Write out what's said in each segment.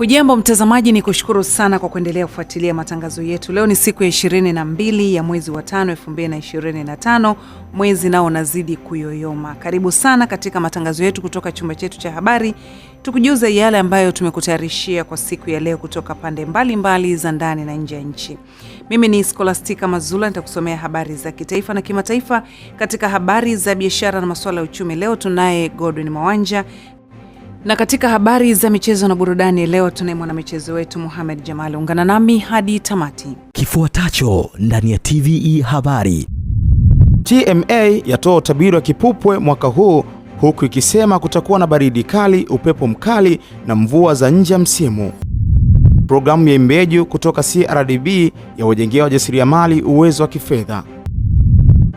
Hujambo mtazamaji, ni kushukuru sana kwa kuendelea kufuatilia matangazo yetu. Leo ni siku ya 22 ya mwezi wa tano 225 mwezi nao unazidi kuyoyoma. Karibu sana katika matangazo yetu kutoka chumba chetu cha habari, tukujuze yale ambayo tumekutayarishia kwa siku ya leo kutoka pande mbalimbali za ndani na nje ya nchi. Mimi ni Scholastica Mazula, nitakusomea habari za kitaifa na kimataifa. Katika habari za biashara na masuala ya uchumi, leo tunaye Godwin Mawanja na katika habari za michezo na burudani leo tunaye mwanamichezo wetu Mohamed Jamal, ungana nami hadi tamati. Kifuatacho ndani ya TVE habari. TMA yatoa utabiri wa kipupwe mwaka huu huku ikisema kutakuwa na baridi kali, upepo mkali na mvua za nje ya msimu. Programu ya Imbeju kutoka CRDB yawajengea wajasiriamali uwezo wa kifedha.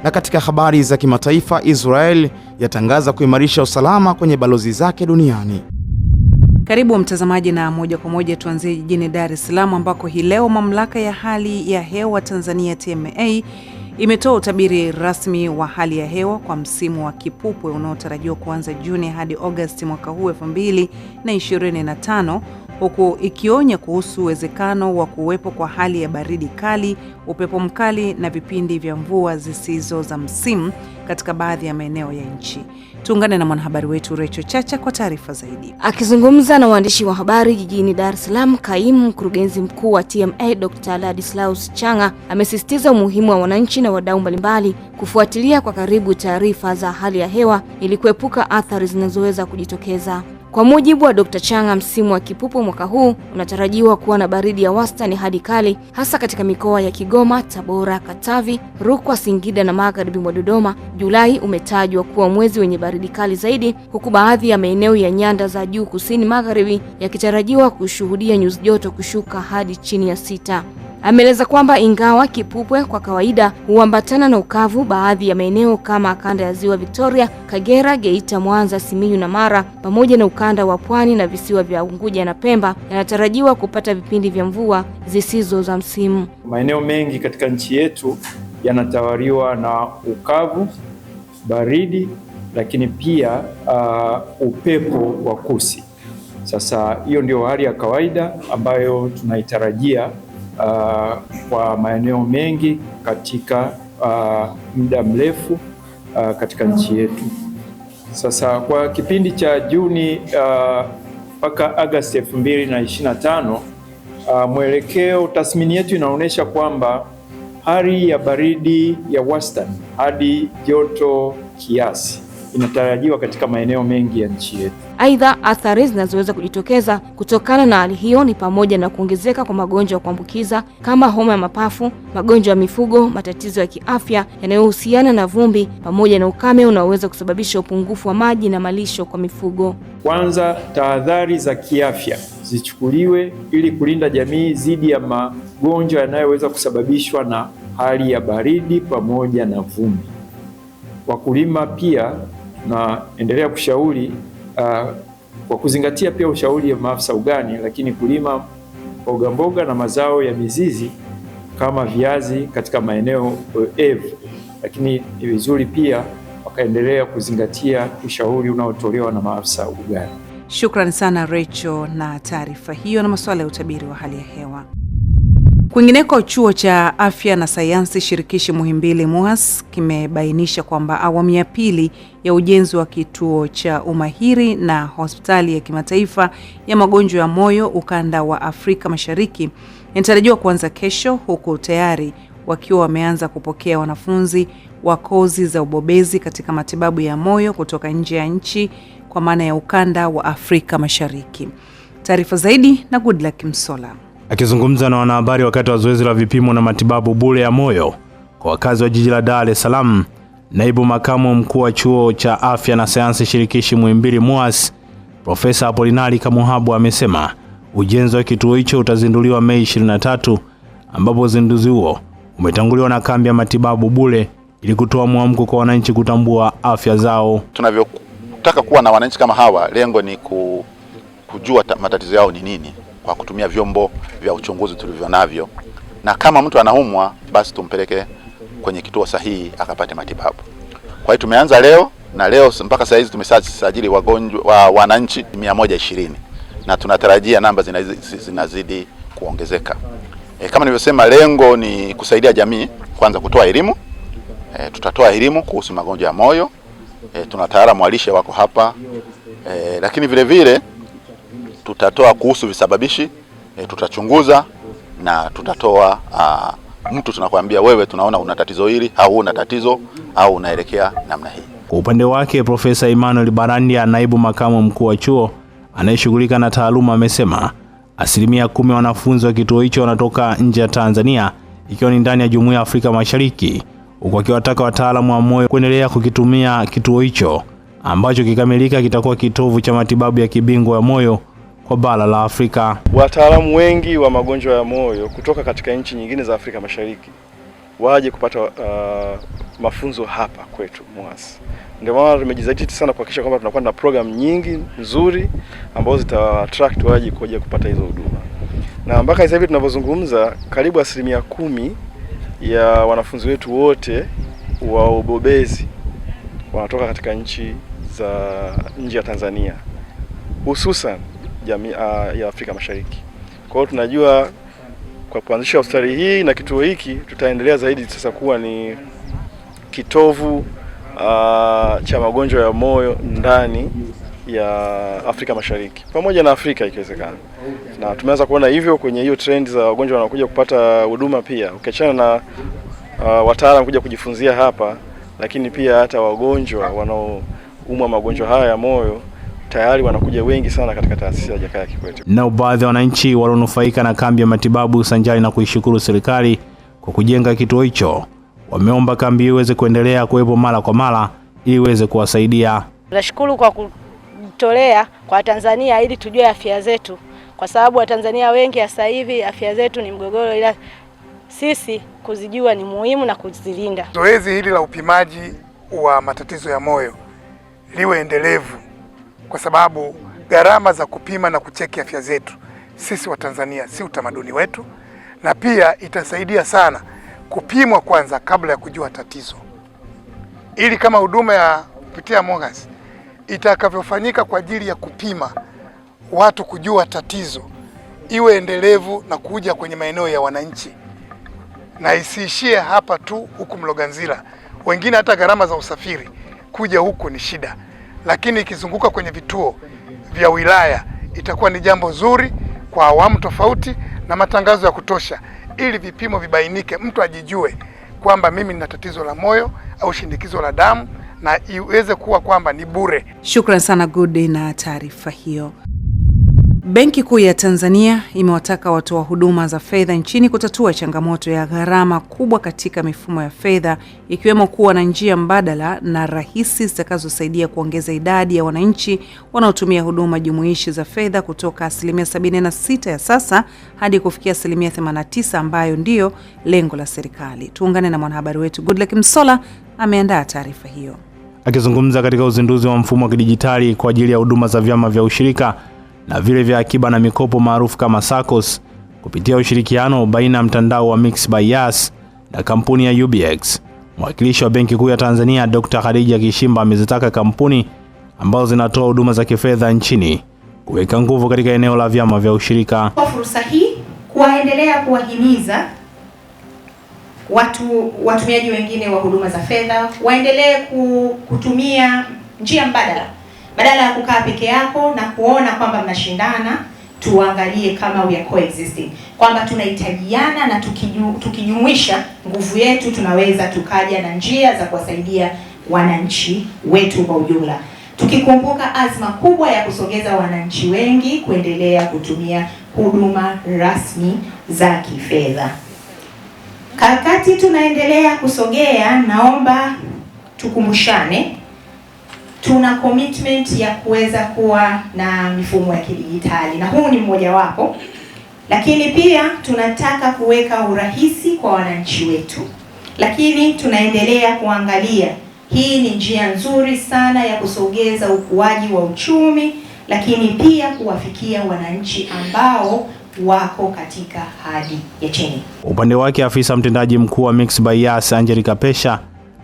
Na katika habari za kimataifa, Israel yatangaza kuimarisha usalama kwenye balozi zake duniani. Karibu mtazamaji, na moja kwa moja tuanzie jijini Dar es Salaam ambako hii leo mamlaka ya hali ya hewa Tanzania TMA imetoa utabiri rasmi wa hali ya hewa kwa msimu wa kipupwe unaotarajiwa kuanza Juni hadi Agosti mwaka huu 2025 huku ikionya kuhusu uwezekano wa kuwepo kwa hali ya baridi kali, upepo mkali na vipindi vya mvua zisizo za msimu katika baadhi ya maeneo ya nchi. Tuungane na mwanahabari wetu Recho Chacha kwa taarifa zaidi. Akizungumza na waandishi wa habari jijini Dar es Salaam, kaimu mkurugenzi mkuu wa TMA Dr. Ladislaus Changa amesisitiza umuhimu wa wananchi na wadau mbalimbali kufuatilia kwa karibu taarifa za hali ya hewa ili kuepuka athari zinazoweza kujitokeza. Kwa mujibu wa Dr. Chang'a, msimu wa kipupu mwaka huu unatarajiwa kuwa na baridi ya wastani hadi kali hasa katika mikoa ya Kigoma, Tabora, Katavi, Rukwa, Singida na magharibi mwa Dodoma. Julai umetajwa kuwa mwezi wenye baridi kali zaidi, huku baadhi ya maeneo ya nyanda za juu kusini magharibi yakitarajiwa kushuhudia nyuzi joto kushuka hadi chini ya sita. Ameeleza kwamba ingawa kipupwe kwa kawaida huambatana na ukavu, baadhi ya maeneo kama kanda ya Ziwa Victoria, Kagera, Geita, Mwanza, Simiyu na Mara pamoja na ukanda wa Pwani na visiwa vya Unguja na Pemba yanatarajiwa kupata vipindi vya mvua zisizo za msimu. Maeneo mengi katika nchi yetu yanatawaliwa na ukavu, baridi, lakini pia uh, upepo wa kusi. Sasa hiyo ndio hali ya kawaida ambayo tunaitarajia uh, kwa maeneo mengi katika uh, muda mrefu uh, katika nchi yetu. Sasa kwa kipindi cha Juni uh, mpaka uh, Agosti 2025 uh, mwelekeo tathmini yetu inaonyesha kwamba hali ya baridi ya wastani hadi joto kiasi inatarajiwa katika maeneo mengi ya nchi yetu. Aidha, athari zinazoweza kujitokeza kutokana na hali hiyo ni pamoja na kuongezeka kwa magonjwa ya kuambukiza kama homa ya mapafu, magonjwa ya mifugo, matatizo ya kiafya yanayohusiana na vumbi, pamoja na ukame unaoweza kusababisha upungufu wa maji na malisho kwa mifugo. Kwanza, tahadhari za kiafya zichukuliwe ili kulinda jamii dhidi ya magonjwa yanayoweza kusababishwa na hali ya baridi pamoja na vumbi. Wakulima pia naendelea kushauri Ah, kwa kuzingatia pia ushauri wa maafisa ugani, lakini kulima mboga mboga na mazao ya mizizi kama viazi katika maeneo oevu, eh, lakini ni vizuri pia wakaendelea kuzingatia ushauri unaotolewa na maafisa ugani. Shukrani sana Rachel na taarifa hiyo na masuala ya utabiri wa hali ya hewa. Kwingineko, chuo cha afya na sayansi shirikishi Muhimbili MUHAS kimebainisha kwamba awamu ya pili ya ujenzi wa kituo cha umahiri na hospitali ya kimataifa ya magonjwa ya moyo ukanda wa Afrika Mashariki inatarajiwa kuanza kesho, huku tayari wakiwa wameanza kupokea wanafunzi wa kozi za ubobezi katika matibabu ya moyo kutoka nje ya nchi kwa maana ya ukanda wa Afrika Mashariki. Taarifa zaidi na Goodluck Msola. Akizungumza na wanahabari wakati wa zoezi la vipimo na matibabu bure ya moyo kwa wakazi wa jiji la Dar es Salaam, naibu makamu mkuu wa chuo cha afya na sayansi shirikishi Muhimbili MUHAS Profesa Apolinari Kamuhabu amesema ujenzi wa kituo hicho utazinduliwa Mei 23, ambapo uzinduzi huo umetanguliwa na kambi ya matibabu bure ili kutoa mwamko kwa wananchi kutambua afya zao. Tunavyotaka kuwa na wananchi kama hawa, lengo ni ku, kujua matatizo yao ni nini kwa kutumia vyombo vya uchunguzi tulivyo navyo, na kama mtu anaumwa basi tumpeleke kwenye kituo sahihi akapate matibabu. Kwa hiyo tumeanza leo na leo mpaka saa hizi tumesajili wagonjwa wa wananchi mia moja ishirini na tunatarajia namba zinazidi, zinazidi kuongezeka. E, kama nilivyosema lengo ni kusaidia jamii kwanza kutoa elimu. E, tutatoa elimu kuhusu magonjwa ya moyo. E, tuna wataalamu wako hapa. E, lakini vile vile tutatoa kuhusu visababishi e, tutachunguza na tutatoa a, mtu tunakwambia wewe, tunaona una tatizo hili au una tatizo au unaelekea namna hii. Kwa upande wake Profesa Emmanuel Barandia, naibu makamu mkuu wa chuo anayeshughulika na taaluma, amesema asilimia kumi wanafunzi wa kituo hicho wanatoka nje ya Tanzania, ikiwa ni ndani ya Jumuiya ya Afrika Mashariki, huku akiwataka wataalamu wa moyo kuendelea kukitumia kituo hicho ambacho kikamilika kitakuwa kitovu cha matibabu ya kibingwa ya moyo kwa bara la Afrika. Wataalamu wengi wa magonjwa ya moyo kutoka katika nchi nyingine za Afrika Mashariki waje kupata uh, mafunzo hapa kwetu MUHAS. Ndio maana tumejizatiti sana kuhakikisha kwamba tunakuwa na programu nyingi nzuri ambazo zita attract waje kuja kupata hizo huduma, na mpaka sasa hivi tunavyozungumza, karibu asilimia kumi ya wanafunzi wetu wote wa ubobezi wanatoka katika nchi za nje ya Tanzania hususan jamii ah, ya Afrika Mashariki. Kwa hiyo tunajua kwa kuanzisha hospitali hii na kituo hiki tutaendelea zaidi sasa kuwa ni kitovu uh, cha magonjwa ya moyo ndani ya Afrika Mashariki pamoja na Afrika ikiwezekana, na tumeanza kuona hivyo kwenye hiyo trend za wagonjwa wanaokuja kupata huduma, pia ukiachana na uh, wataalamu kuja kujifunzia hapa, lakini pia hata wagonjwa wanaoumwa magonjwa haya ya moyo tayari wanakuja wengi sana katika taasisi ya Jakaya Kikwete. Nao baadhi ya wananchi walionufaika na kambi ya matibabu sanjari na kuishukuru serikali kwa kujenga kituo hicho, wameomba kambi iweze kuendelea kuwepo mara kwa mara ili iweze kuwasaidia. Tunashukuru kwa kutolea kwa tanzania ili tujue afya zetu, kwa sababu Watanzania wengi sasa hivi afya zetu ni mgogoro, ila sisi kuzijua ni muhimu na kuzilinda. Zoezi hili la upimaji wa matatizo ya moyo liwe endelevu kwa sababu gharama za kupima na kucheki afya zetu sisi Watanzania si utamaduni wetu, na pia itasaidia sana kupimwa kwanza kabla ya kujua tatizo, ili kama huduma ya kupitia MOGAS itakavyofanyika kwa ajili ya kupima watu kujua tatizo iwe endelevu na kuja kwenye maeneo ya wananchi na isiishie hapa tu huku Mloganzila. Wengine hata gharama za usafiri kuja huku ni shida lakini ikizunguka kwenye vituo vya wilaya itakuwa ni jambo zuri kwa awamu tofauti na matangazo ya kutosha, ili vipimo vibainike, mtu ajijue kwamba mimi nina tatizo la moyo au shinikizo la damu na iweze kuwa kwamba ni bure. Shukran sana gudi na taarifa hiyo. Benki Kuu ya Tanzania imewataka watoa wa huduma za fedha nchini kutatua changamoto ya gharama kubwa katika mifumo ya fedha ikiwemo kuwa na njia mbadala na rahisi zitakazosaidia kuongeza idadi ya wananchi wanaotumia huduma jumuishi za fedha kutoka asilimia 76 ya sasa hadi kufikia asilimia 89 ambayo ndiyo lengo la serikali. Tuungane na mwanahabari wetu Goodluck Msola ameandaa taarifa hiyo. Akizungumza katika uzinduzi wa mfumo wa kidijitali kwa ajili ya huduma za vyama vya ushirika na vile vya akiba na mikopo maarufu kama SACCOS kupitia ushirikiano baina ya mtandao wa Mix by Yas na kampuni ya UBX. Mwakilishi wa Benki Kuu ya Tanzania Dr. Khadija Kishimba amezitaka kampuni ambazo zinatoa huduma za kifedha nchini kuweka nguvu katika eneo la vyama vya ushirika. Kwa fursa hii kuwaendelea kuwahimiza watu watumiaji wengine wa huduma za fedha waendelee kutumia njia mbadala badala ya kukaa peke yako na kuona kwamba mnashindana, tuangalie kama we are coexisting, kwamba tunahitajiana na tukijumuisha nguvu yetu tunaweza tukaja na njia za kuwasaidia wananchi wetu kwa ujumla, tukikumbuka azma kubwa ya kusogeza wananchi wengi kuendelea kutumia huduma rasmi za kifedha. Wakati tunaendelea kusogea, naomba tukumbushane tuna commitment ya kuweza kuwa na mifumo ya kidijitali na huu ni mmojawapo, lakini pia tunataka kuweka urahisi kwa wananchi wetu, lakini tunaendelea kuangalia hii ni njia nzuri sana ya kusogeza ukuaji wa uchumi, lakini pia kuwafikia wananchi ambao wako katika hali ya chini. Upande wake afisa mtendaji mkuu wa Mixx by Yas Angelica Pesha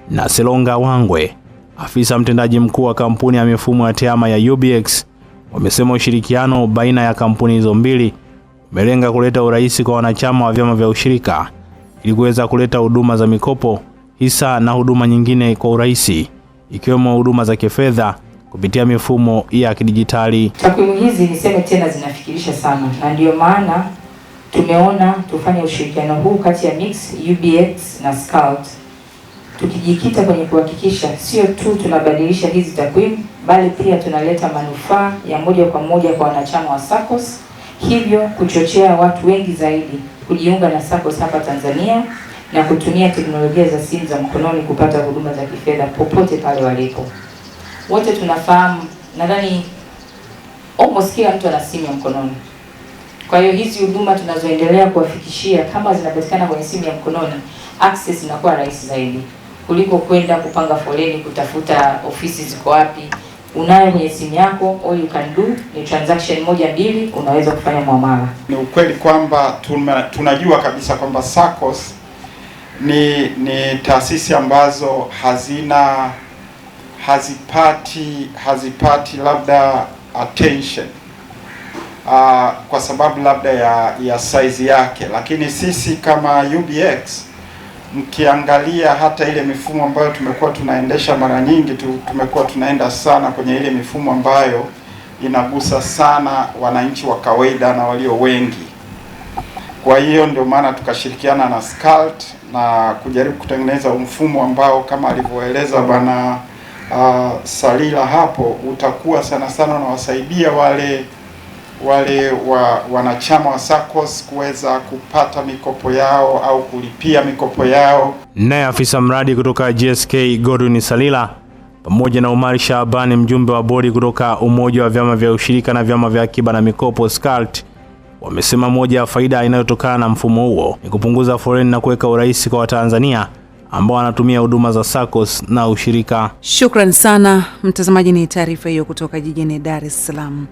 na Selonga Wangwe Afisa mtendaji mkuu wa kampuni ya mifumo ya tehama ya UBX wamesema ushirikiano baina ya kampuni hizo mbili umelenga kuleta urahisi kwa wanachama wa vyama vya ushirika ili kuweza kuleta huduma za mikopo, hisa na huduma nyingine kwa urahisi ikiwemo huduma za kifedha kupitia mifumo ya kidijitali. Takwimu hizi niseme tena zinafikirisha sana, na ndiyo maana tumeona tufanye ushirikiano huu kati ya Mix, UBX na Scout tukijikita kwenye kuhakikisha sio tu tunabadilisha hizi takwimu, bali pia tunaleta manufaa ya moja kwa moja kwa wanachama wa SACCOS, hivyo kuchochea watu wengi zaidi kujiunga na SACCOS hapa Tanzania na kutumia teknolojia za simu za mkononi kupata huduma za kifedha popote pale walipo. Wote tunafahamu, nadhani almost kila mtu ana simu ya mkononi. Kwa hiyo hizi huduma tunazoendelea kuwafikishia kama zinapatikana kwenye simu ya mkononi, access inakuwa rahisi zaidi kuliko kwenda kupanga foleni kutafuta ofisi ziko wapi. Unayo kwenye simu yako, all you can do ni transaction moja mbili, unaweza kufanya muamala. Ni ukweli kwamba tuna, tunajua kabisa kwamba SACCOS ni ni taasisi ambazo hazina hazipati hazipati labda attention uh, kwa sababu labda ya ya size yake, lakini sisi kama UBX mkiangalia hata ile mifumo ambayo tumekuwa tunaendesha, mara nyingi tumekuwa tunaenda sana kwenye ile mifumo ambayo inagusa sana wananchi wa kawaida na walio wengi. Kwa hiyo ndio maana tukashirikiana na SCALT na kujaribu kutengeneza mfumo ambao kama alivyoeleza bwana uh, Salila hapo utakuwa sana sana unawasaidia wale wale wa wanachama wa SACCOS kuweza kupata mikopo yao au kulipia mikopo yao. Naye afisa mradi kutoka GSK Godwin Salila pamoja na Omar Shaabani, mjumbe wa bodi kutoka Umoja wa Vyama vya Ushirika na Vyama vya Akiba na Mikopo SCALT, wamesema moja ya faida inayotokana na mfumo huo ni kupunguza foleni na kuweka urahisi kwa Watanzania ambao wanatumia huduma za SACCOS na ushirika. Shukrani sana mtazamaji, ni taarifa hiyo kutoka jijini Dar es Salaam.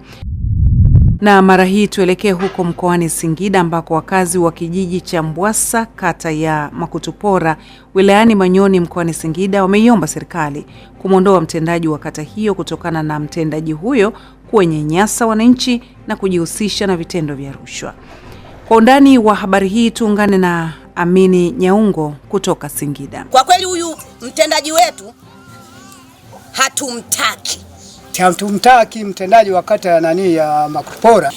Na mara hii tuelekee huko mkoani Singida ambako wakazi wa kijiji cha Mbwasa kata ya Makutupora wilayani Manyoni mkoani Singida wameiomba serikali kumwondoa mtendaji wa kata hiyo kutokana na mtendaji huyo kuwanyanyasa wananchi na kujihusisha na vitendo vya rushwa. Kwa undani wa habari hii tuungane na Amini Nyaungo kutoka Singida. Kwa kweli huyu mtendaji wetu hatumtaki chamtumtaki mtendaji wa kata ya nani ya Makutupora.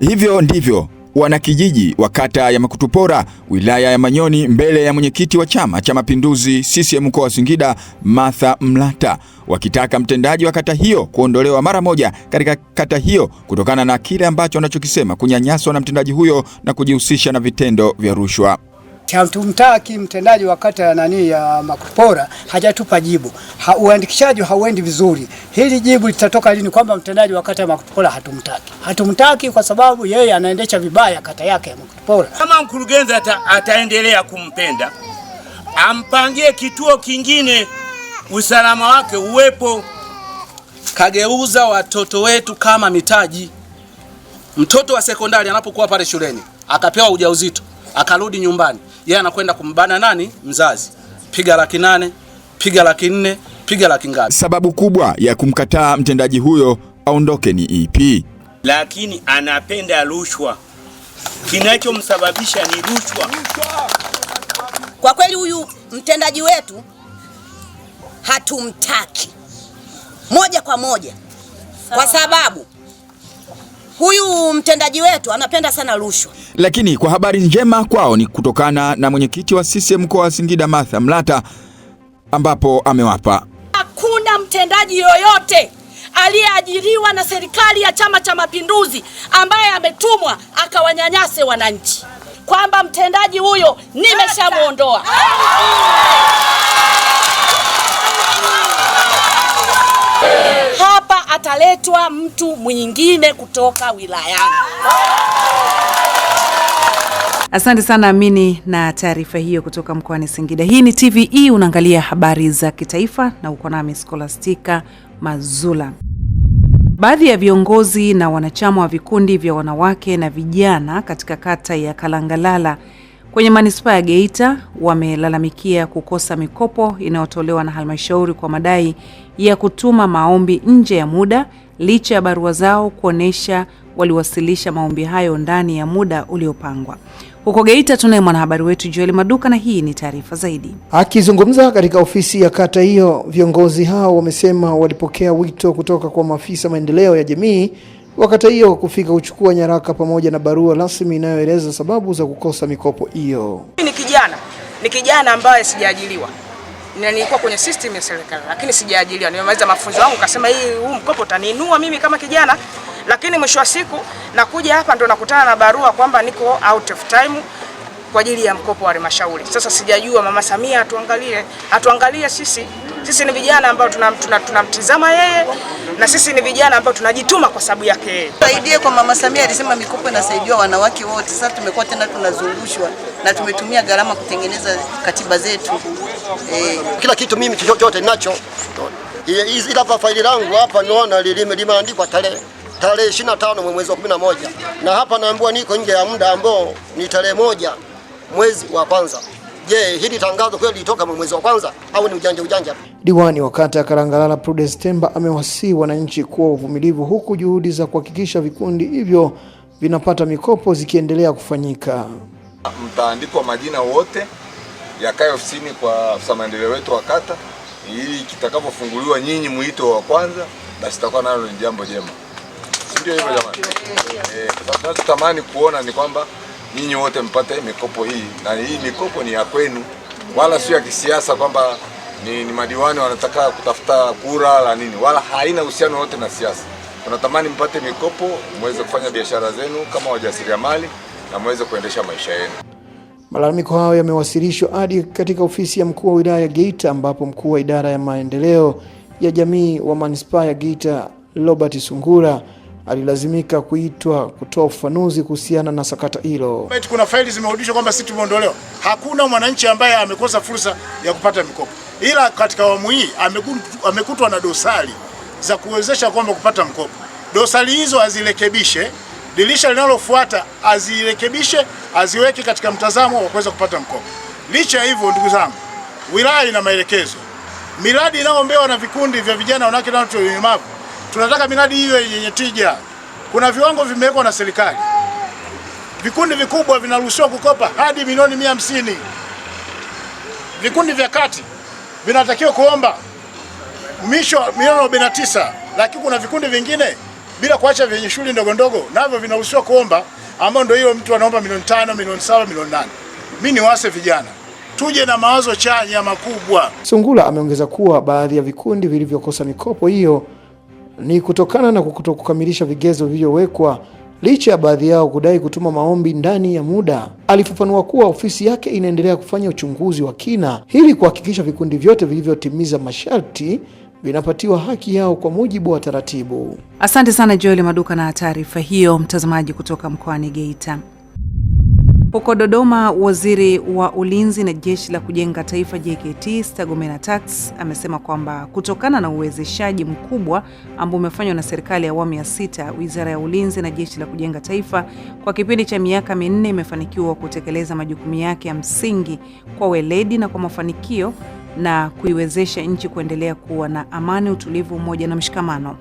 Hivyo ndivyo wanakijiji wa kata ya Makutupora wilaya ya Manyoni mbele ya mwenyekiti wa Chama cha Mapinduzi CCM mkoa wa Singida Martha Mlata wakitaka mtendaji wa kata hiyo kuondolewa mara moja katika kata hiyo kutokana na kile ambacho wanachokisema kunyanyaswa na mtendaji huyo na kujihusisha na vitendo vya rushwa cha mtendaji wa kata ya nani ya Makupora, hajatupa jibu ha, uandikishaji hauendi vizuri. Hili jibu litatoka lini kwamba mtendaji wa kata ya Makupora hatumtaki? Hatumtaki kwa sababu yeye anaendesha vibaya kata yake ya Makupora. Kama mkurugenzi ata, ataendelea kumpenda ampangie kituo kingine, usalama wake uwepo. Kageuza watoto wetu kama mitaji. Mtoto wa sekondari anapokuwa pale shuleni akapewa ujauzito akarudi nyumbani yeye anakwenda kumbana nani? Mzazi. Piga laki nane, piga laki nne, piga laki ngapi? Sababu kubwa ya kumkataa mtendaji huyo aondoke ni ipi? Lakini anapenda rushwa, kinachomsababisha ni rushwa. Kwa kweli huyu mtendaji wetu hatumtaki moja kwa moja, kwa sababu Huyu mtendaji wetu anapenda sana rushwa. Lakini kwa habari njema kwao ni kutokana na mwenyekiti wa CCM mkoa wa Singida Martha Mlata, ambapo amewapa hakuna mtendaji yoyote aliyeajiriwa na serikali ya Chama cha Mapinduzi ambaye ametumwa akawanyanyase wananchi, kwamba mtendaji huyo nimeshamwondoa. ataletwa mtu mwingine kutoka wilayani. Asante sana Amini na taarifa hiyo kutoka mkoani Singida. Hii ni TVE, unaangalia habari za kitaifa na uko nami Scholastica Mazula. Baadhi ya viongozi na wanachama wa vikundi vya wanawake na vijana katika kata ya Kalangalala Kwenye manispaa ya Geita wamelalamikia kukosa mikopo inayotolewa na halmashauri kwa madai ya kutuma maombi nje ya muda licha ya barua zao kuonesha waliwasilisha maombi hayo ndani ya muda uliopangwa. Huko Geita tunaye mwanahabari wetu Joel Maduka na hii ni taarifa zaidi. Akizungumza katika ofisi ya kata hiyo, viongozi hao wamesema walipokea wito kutoka kwa maafisa maendeleo ya jamii Wakati hiyo kufika huchukua nyaraka pamoja na barua rasmi inayoeleza sababu za kukosa mikopo hiyo. Ni kijana ni kijana ambaye sijaajiliwa na nilikuwa kwenye system ya serikali lakini sijaajiliwa. Nimemaliza mafunzo yangu, kasema hii huu mkopo utaniinua mimi kama kijana, lakini mwisho wa siku nakuja hapa ndo nakutana na barua kwamba niko out of time kwa ajili ya mkopo wa halmashauri. Sasa sijajua Mama Samia atuangalie, atuangalie sisi. Sisi ni vijana ambao tunamtizama tuna, tuna yeye na sisi ni vijana ambao tunajituma kwa sababu yake yeye. Saidie kwa Mama Samia alisema mikopo inasaidia wanawake wote. Sasa tumekuwa tena tunazungushwa na tumetumia gharama kutengeneza katiba zetu eh. Kila kitu mimi chochote ninacho ila hapa faili langu hapa naona limeandikwa tarehe tarehe 25 mwezi wa 11 na hapa naambiwa niko nje ya muda ambao ni tarehe moja mwezi wa kwanza. Je, hili tangazo kweli litoka mwezi wa kwanza au ni ujanja ujanja? Diwani wa kata ya karangalala Prudence Temba amewasihi wananchi kuwa uvumilivu huku juhudi za kuhakikisha vikundi hivyo vinapata mikopo zikiendelea kufanyika. Mtaandikwa majina wote yakae ofisini kwa afisa maendeleo wetu wa kata, ili kitakapofunguliwa nyinyi mwito wa kwanza, basi takuwa nalo ni jambo jema, ndio hivyo jamani? Eh, tunachotamani kuona ni kwamba nyinyi wote mpate mikopo hii, na hii mikopo ni ya kwenu, wala sio ya kisiasa kwamba ni, ni madiwani wanataka kutafuta kura la nini, wala haina uhusiano wote na siasa. Tunatamani mpate mikopo muweze kufanya biashara zenu kama wajasiriamali na muweze kuendesha maisha yenu. Malalamiko hayo yamewasilishwa hadi katika ofisi ya mkuu wa wilaya ya Geita, ambapo mkuu wa idara ya maendeleo ya jamii wa manispaa ya Geita Robert Sungura alilazimika kuitwa kutoa ufafanuzi kuhusiana na sakata hilo. Kuna faili zimerudishwa kwamba sisi tumeondolewa. Hakuna mwananchi ambaye amekosa fursa ya kupata mikopo, ila katika awamu hii amekutwa na dosari za kuwezesha kwamba kupata mkopo. Dosari hizo azirekebishe, dirisha linalofuata azirekebishe, aziweke katika mtazamo wa kuweza kupata mkopo. Licha ya hivyo, ndugu zangu, wilaya ina maelekezo, miradi inayoombewa na vikundi vya vijana, wanawake na watu wenye ulemavu tunataka miradi hiyo yenye tija. Kuna viwango vimewekwa na serikali. Vikundi vikubwa vinaruhusiwa kukopa hadi milioni mia hamsini. Vikundi vya kati vinatakiwa kuomba misho milioni arobaini na tisa, lakini kuna vikundi vingine bila kuacha vyenye shughuli ndogo ndogo navyo vinaruhusiwa kuomba, ambao ndio hiyo mtu anaomba milioni tano, milioni saba, milioni nane. Mimi wase vijana tuje na mawazo chanya makubwa. Sungula ameongeza kuwa baadhi ya vikundi vilivyokosa mikopo hiyo ni kutokana na kukamilisha vigezo vilivyowekwa licha ya baadhi yao kudai kutuma maombi ndani ya muda. Alifafanua kuwa ofisi yake inaendelea kufanya uchunguzi wa kina ili kuhakikisha vikundi vyote vilivyotimiza masharti vinapatiwa haki yao kwa mujibu wa taratibu. Asante sana Joel Maduka na taarifa hiyo, mtazamaji kutoka mkoani Geita. Huko Dodoma, waziri wa ulinzi na jeshi la kujenga taifa JKT Stergomena Tax amesema kwamba kutokana na uwezeshaji mkubwa ambao umefanywa na serikali ya awamu ya sita, wizara ya ulinzi na jeshi la kujenga taifa kwa kipindi cha miaka minne imefanikiwa kutekeleza majukumu yake ya msingi kwa weledi na kwa mafanikio na kuiwezesha nchi kuendelea kuwa na amani, utulivu, umoja na mshikamano.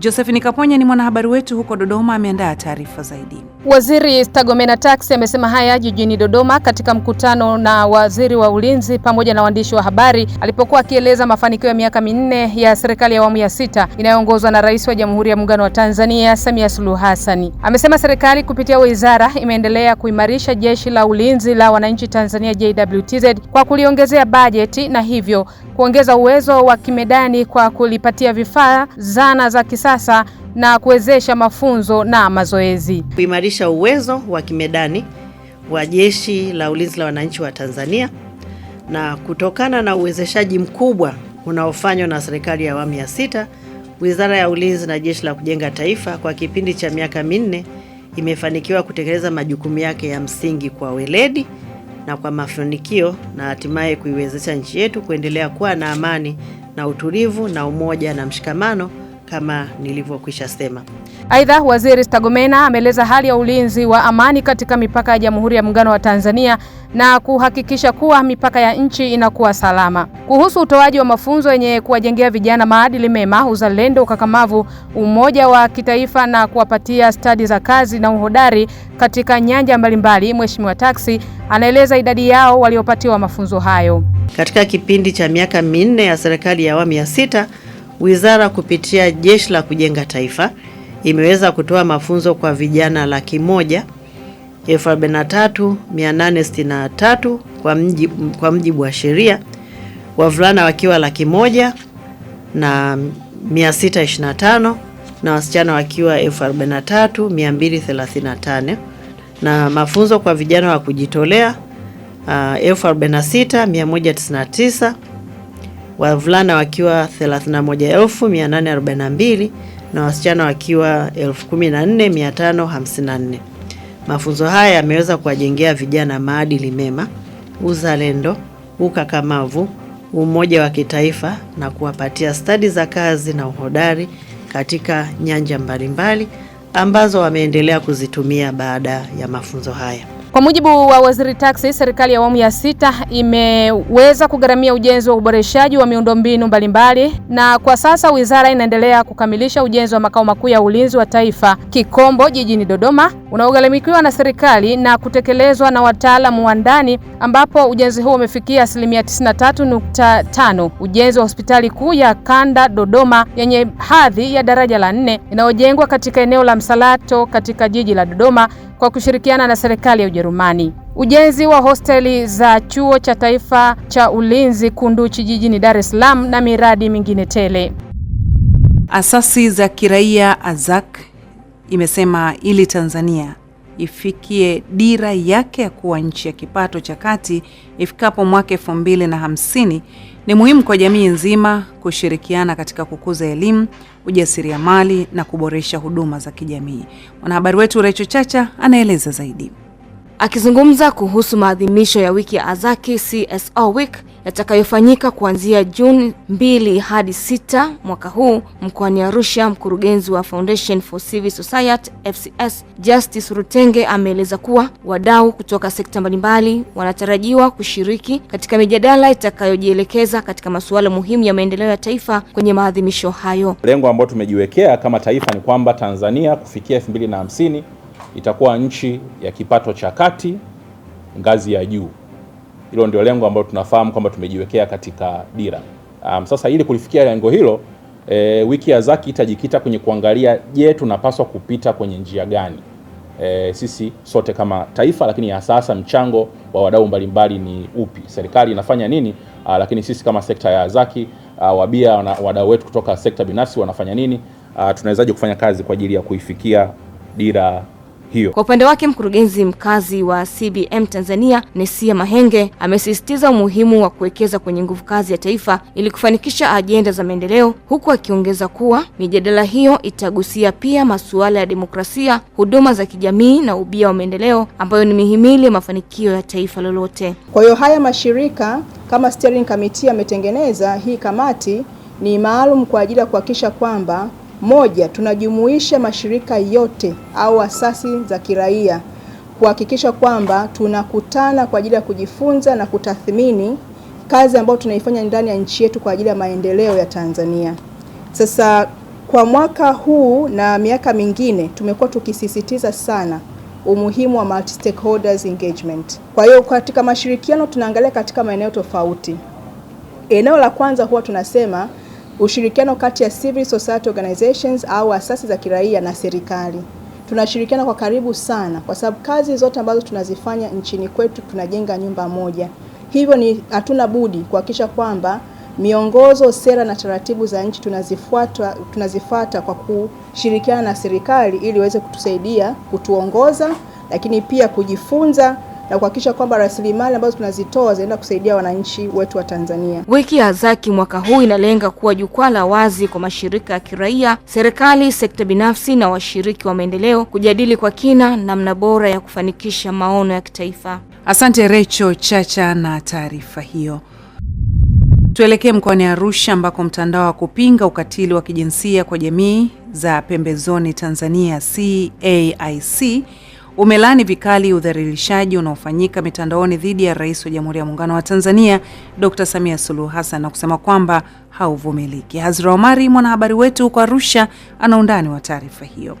Josephine Kaponya ni mwanahabari wetu huko Dodoma, ameandaa taarifa zaidi. Waziri stagomena Tax amesema haya jijini Dodoma katika mkutano na waziri wa ulinzi pamoja na waandishi wa habari alipokuwa akieleza mafanikio ya miaka minne ya serikali ya awamu ya sita inayoongozwa na Rais wa Jamhuri ya Muungano wa Tanzania Samia Suluhu Hassan. Amesema serikali kupitia wizara imeendelea kuimarisha jeshi la ulinzi la wananchi Tanzania JWTZ kwa kuliongezea bajeti na hivyo kuongeza uwezo wa kimedani kwa kulipatia vifaa, zana za kisasa na kuwezesha mafunzo na mazoezi. Kuimarisha uwezo wa kimedani wa Jeshi la Ulinzi la Wananchi wa Tanzania na kutokana na uwezeshaji mkubwa unaofanywa na serikali ya awamu ya sita, Wizara ya Ulinzi na Jeshi la Kujenga Taifa kwa kipindi cha miaka minne imefanikiwa kutekeleza majukumu yake ya msingi kwa weledi na kwa mafanikio na hatimaye kuiwezesha nchi yetu kuendelea kuwa na amani na utulivu na umoja na mshikamano kama nilivyokwisha sema. Aidha, Waziri stagomena ameeleza hali ya ulinzi wa amani katika mipaka ya Jamhuri ya Muungano wa Tanzania na kuhakikisha kuwa mipaka ya nchi inakuwa salama. Kuhusu utoaji wa mafunzo yenye kuwajengea vijana maadili mema, uzalendo, ukakamavu, umoja wa kitaifa na kuwapatia stadi za kazi na uhodari katika nyanja mbalimbali, Mheshimiwa taxi anaeleza idadi yao waliopatiwa mafunzo hayo katika kipindi cha miaka minne ya serikali ya awamu ya sita. Wizara kupitia Jeshi la Kujenga Taifa imeweza kutoa mafunzo kwa vijana laki moja elfu arobaini na tatu mia nane sitini na tatu kwa mjibu kwa mujibu wa sheria, wavulana wakiwa laki moja na 625 na wasichana wakiwa elfu arobaini na tatu mia mbili thelathini na tano na mafunzo kwa vijana wa kujitolea uh, elfu arobaini na sita mia moja tisini na tisa wavulana wakiwa 31842 na wasichana wakiwa 14554. Mafunzo haya yameweza kuwajengea vijana maadili mema, uzalendo, ukakamavu, umoja wa kitaifa na kuwapatia stadi za kazi na uhodari katika nyanja mbalimbali ambazo wameendelea kuzitumia baada ya mafunzo haya. Kwa mujibu wa Waziri taxi serikali ya awamu ya sita imeweza kugharamia ujenzi wa uboreshaji wa miundombinu mbalimbali, na kwa sasa wizara inaendelea kukamilisha ujenzi wa makao makuu ya ulinzi wa taifa Kikombo jijini Dodoma unaogharamikiwa na serikali na kutekelezwa na wataalamu wa ndani, ambapo ujenzi huo umefikia asilimia 93.5. Ujenzi wa hospitali kuu ya kanda Dodoma yenye hadhi ya daraja la nne inayojengwa katika eneo la Msalato katika jiji la Dodoma kwa kushirikiana na serikali ya Ujerumani. Ujenzi wa hosteli za Chuo cha Taifa cha Ulinzi Kunduchi jijini Dar es Salaam na miradi mingine tele. Asasi za kiraia AZAK imesema ili Tanzania ifikie dira yake ya kuwa nchi ya kipato cha kati ifikapo mwaka elfu mbili na hamsini ni muhimu kwa jamii nzima kushirikiana katika kukuza elimu, ujasiriamali na kuboresha huduma za kijamii. Mwanahabari wetu Recho Chacha anaeleza zaidi. Akizungumza kuhusu maadhimisho ya wiki ya Azaki CSO Week yatakayofanyika kuanzia Juni mbili hadi sita mwaka huu mkoani Arusha, mkurugenzi wa Foundation for Civil Society FCS Justice Rutenge ameeleza kuwa wadau kutoka sekta mbalimbali wanatarajiwa kushiriki katika mijadala itakayojielekeza katika masuala muhimu ya maendeleo ya taifa kwenye maadhimisho hayo. Lengo ambalo tumejiwekea kama taifa ni kwamba Tanzania kufikia 2050 itakuwa nchi ya kipato cha kati ngazi ya juu. Hilo ndio lengo ambalo tunafahamu kwamba tumejiwekea katika dira. Um, sasa ili kulifikia lengo hilo e, wiki ya Zaki itajikita kwenye kuangalia, je, tunapaswa kupita kwenye njia gani e, sisi sote kama taifa, lakini sasa mchango wa wadau mbalimbali ni upi, serikali inafanya nini, a, lakini sisi kama sekta ya Zaki a, wabia na wadau wetu kutoka sekta binafsi wanafanya nini, tunawezaje kufanya kazi kwa ajili ya kuifikia dira hiyo. Kwa upande wake, mkurugenzi mkazi wa CBM Tanzania Nesia Mahenge amesisitiza umuhimu wa kuwekeza kwenye nguvu kazi ya taifa ili kufanikisha ajenda za maendeleo, huku akiongeza kuwa mijadala hiyo itagusia pia masuala ya demokrasia, huduma za kijamii na ubia wa maendeleo ambayo ni mihimili ya mafanikio ya taifa lolote. Kwa hiyo haya mashirika kama steering committee ametengeneza hii kamati ni maalum kwa ajili ya kuhakikisha kwamba moja, tunajumuisha mashirika yote au asasi za kiraia kuhakikisha kwamba tunakutana kwa ajili ya kujifunza na kutathmini kazi ambayo tunaifanya ndani ya nchi yetu kwa ajili ya maendeleo ya Tanzania. Sasa kwa mwaka huu na miaka mingine tumekuwa tukisisitiza sana umuhimu wa multi stakeholders engagement. Kwa hiyo katika mashirikiano tunaangalia katika maeneo tofauti. Eneo la kwanza huwa tunasema Ushirikiano kati ya civil society organizations au asasi za kiraia na serikali. Tunashirikiana kwa karibu sana kwa sababu kazi zote ambazo tunazifanya nchini kwetu tunajenga nyumba moja. Hivyo ni hatuna budi kuhakikisha kwamba miongozo, sera na taratibu za nchi tunazifuata tunazifuata kwa kushirikiana na serikali ili iweze kutusaidia kutuongoza, lakini pia kujifunza na kuhakikisha kwamba rasilimali ambazo tunazitoa zinaenda kusaidia wananchi wetu wa Tanzania. Wiki ya Azaki mwaka huu inalenga kuwa jukwaa la wazi kwa mashirika ya kiraia, serikali, sekta binafsi na washiriki wa maendeleo kujadili kwa kina namna bora ya kufanikisha maono ya kitaifa. Asante Recho Chacha na taarifa hiyo. Tuelekee mkoani Arusha ambako mtandao wa kupinga ukatili wa kijinsia kwa jamii za pembezoni Tanzania CAIC umelaani vikali udhalilishaji unaofanyika mitandaoni dhidi ya Rais wa Jamhuri ya Muungano wa Tanzania Dr. Samia Suluhu Hassan na kusema kwamba hauvumiliki. Hazra Omari, mwanahabari wetu huko Arusha, ana undani wa taarifa hiyo.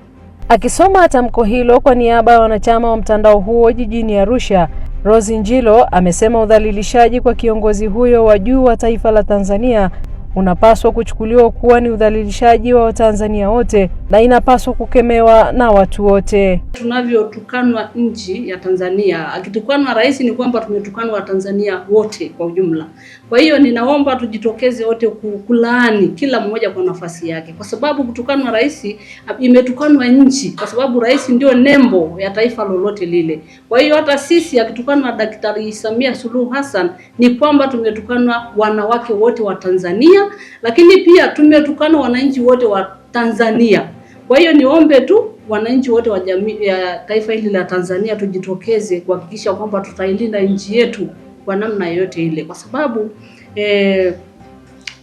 Akisoma tamko hilo kwa niaba ya wanachama wa mtandao huo jijini Arusha, Rose Njilo amesema udhalilishaji kwa kiongozi huyo wa juu wa taifa la Tanzania unapaswa kuchukuliwa kuwa ni udhalilishaji wa Watanzania wote na inapaswa kukemewa na watu wote. Tunavyotukanwa nchi ya Tanzania, akitukanwa rais ni kwamba tumetukanwa Watanzania wote kwa ujumla, kwa hiyo ninaomba tujitokeze wote kulaani kila mmoja kwa nafasi yake, kwa sababu kutukanwa rais, imetukanwa nchi, kwa sababu rais ndio nembo ya taifa lolote lile. Kwa hiyo hata sisi akitukanwa Daktari Samia Suluhu Hassan, ni kwamba tumetukanwa wanawake wote wa Tanzania, lakini pia tumetukanwa wananchi wote wa Tanzania. Kwa hiyo niombe tu wananchi wote wa jamii ya taifa hili la Tanzania tujitokeze kuhakikisha kwamba tutailinda nchi yetu kwa namna yoyote ile, kwa sababu eh,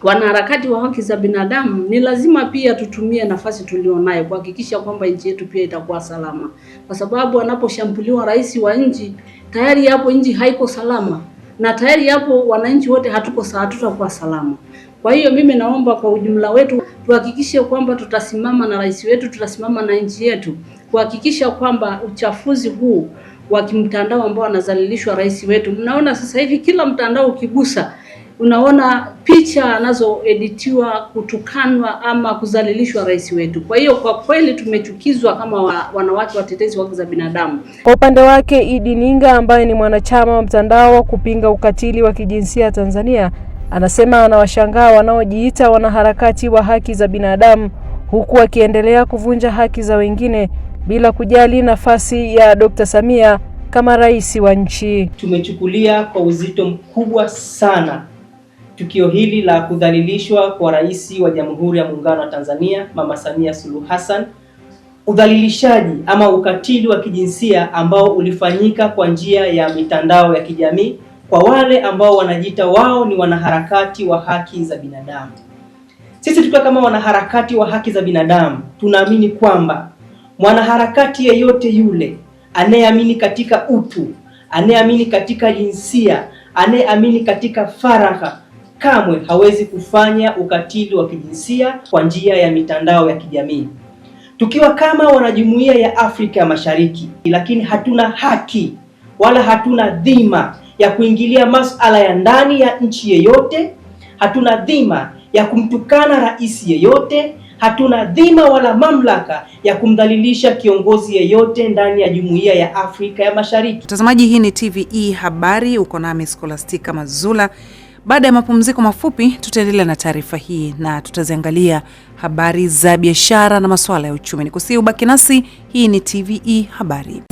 wanaharakati wa haki za binadamu ni lazima pia tutumie nafasi tulionayo kuhakikisha kwamba nchi yetu pia itakuwa salama, kwa sababu anaposhambuliwa rais wa nchi, tayari hapo nchi haiko salama, na tayari hapo wananchi wote hatuko tutakuwa salama. Kwa hiyo mimi naomba kwa ujumla wetu tuhakikishe kwamba tutasimama na rais wetu, tutasimama na nchi yetu kuhakikisha kwamba uchafuzi huu wa kimtandao ambao wanazalilishwa rais wetu. Mnaona sasa hivi kila mtandao ukigusa unaona picha anazoeditiwa kutukanwa ama kuzalilishwa rais wetu. Kwa hiyo kwa kweli tumechukizwa kama wa, wanawake watetezi wa haki za binadamu. Kwa upande wake, Idi Ninga ambaye ni mwanachama wa mtandao wa kupinga ukatili wa kijinsia Tanzania anasema anawashangaa wanaojiita wanaharakati wa haki za binadamu huku akiendelea kuvunja haki za wengine bila kujali nafasi ya Dkt. Samia kama rais wa nchi. Tumechukulia kwa uzito mkubwa sana tukio hili la kudhalilishwa kwa rais wa Jamhuri ya Muungano wa Tanzania Mama Samia Suluhu Hassan, udhalilishaji ama ukatili wa kijinsia ambao ulifanyika kwa njia ya mitandao ya kijamii kwa wale ambao wanajiita wao ni wanaharakati wa haki za binadamu. Sisi tukiwa kama wanaharakati wa haki za binadamu tunaamini kwamba Mwanaharakati yeyote yule anayeamini katika utu, anayeamini katika jinsia, anayeamini katika faragha, kamwe hawezi kufanya ukatili wa kijinsia kwa njia ya mitandao ya kijamii. Tukiwa kama wanajumuiya ya Afrika ya Mashariki, lakini hatuna haki wala hatuna dhima ya kuingilia masuala ya ndani ya nchi yeyote, hatuna dhima ya kumtukana rais yeyote hatuna dhima wala mamlaka ya kumdhalilisha kiongozi yeyote ndani ya jumuiya ya Afrika ya Mashariki. Mtazamaji, hii ni TVE Habari, uko nami Scholastica Mazula. Baada ya mapumziko mafupi, tutaendelea na taarifa hii na tutaziangalia habari za biashara na masuala ya uchumi. Ni ubaki nasi. Hii ni TVE Habari.